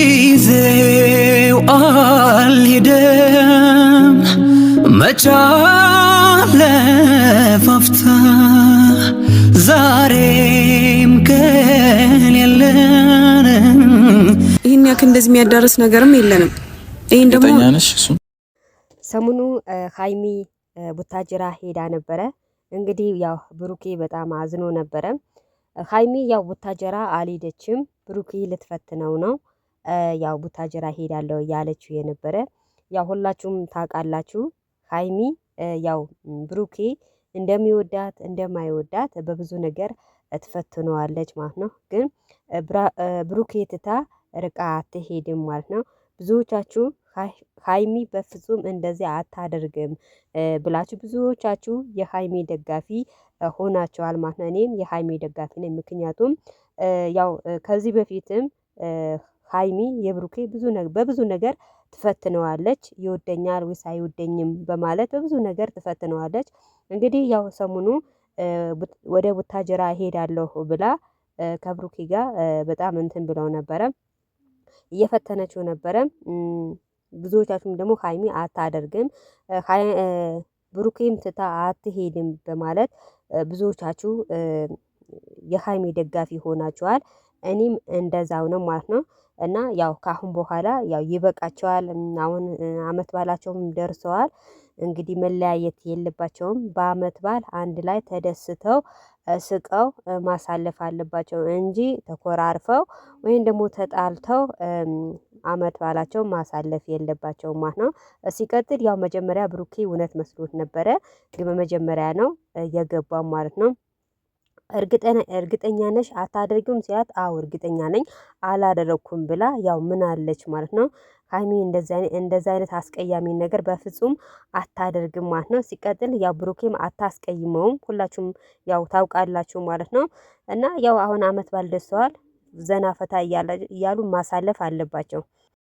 ጊዜው አልሄደም መቻለፋፍታ ዛሬም ቀን የለንም። ይህን ያክል እንደዚህ የሚያዳርስ ነገርም የለንም። ይህን ደግሞ ሰሞኑ ሀይሚ ቡታጅራ ሄዳ ነበረ። እንግዲህ ያው ብሩኬ በጣም አዝኖ ነበረ። ሀይሚ ያው ቡታጀራ አልሄደችም። ብሩኬ ልትፈትነው ነው ያው ቡታጀራ ሄዳለሁ ያለችው የነበረ ያው ሁላችሁም ታውቃላችሁ ሀይሚ ያው ብሩኬ እንደሚወዳት እንደማይወዳት በብዙ ነገር ትፈትነዋለች ማለት ነው። ግን ብሩኬ ትታ ርቃ አትሄድም ማለት ነው። ብዙዎቻችሁ ሀይሚ በፍጹም እንደዚያ አታደርግም ብላችሁ ብዙዎቻችሁ የሀይሚ ደጋፊ ሆናችኋል ማለት ነው። እኔም የሀይሚ ደጋፊ ነኝ። ምክንያቱም ያው ከዚህ በፊትም ሀይሚ የብሩኬ ብዙ በብዙ ነገር ትፈትነዋለች። ይወደኛል ወይስ አይወደኝም በማለት በብዙ ነገር ትፈትነዋለች። እንግዲህ ያው ሰሞኑ ወደ ቡታጀራ ሄዳለሁ ብላ ከብሩኬ ጋር በጣም እንትን ብለው ነበረ፣ እየፈተነችው ነበረ። ብዙዎቻችሁም ደግሞ ሀይሚ አታደርግም ብሩኬም ትታ አትሄድም በማለት ብዙዎቻችሁ የሀይሚ ደጋፊ ሆናችኋል። እኔም እንደዛው ነው ማለት ነው። እና ያው ካሁን በኋላ ያው ይበቃቸዋል አሁን አመት ባላቸውም ደርሰዋል። እንግዲህ መለያየት የለባቸውም በአመት ባል አንድ ላይ ተደስተው ስቀው ማሳለፍ አለባቸው እንጂ ተኮራርፈው ወይም ደግሞ ተጣልተው አመት ባላቸው ማሳለፍ የለባቸውም ማለት ነው። ሲቀጥል ያው መጀመሪያ ብሩኬ እውነት መስሎት ነበረ ግን በመጀመሪያ ነው የገባው ማለት ነው እርግጠኛ ነሽ አታደርጊውም ሲላት፣ አዎ እርግጠኛ ነኝ አላደረግኩም ብላ ያው ምን አለች ማለት ነው። ሀይሚ እንደዛ አይነት አስቀያሚ ነገር በፍጹም አታደርግም ማለት ነው። ሲቀጥል ያው ብሩኬም አታስቀይመውም፣ ሁላችሁም ያው ታውቃላችሁ ማለት ነው። እና ያው አሁን አመት ባል ደርሰዋል፣ ዘና ፈታ እያሉ ማሳለፍ አለባቸው።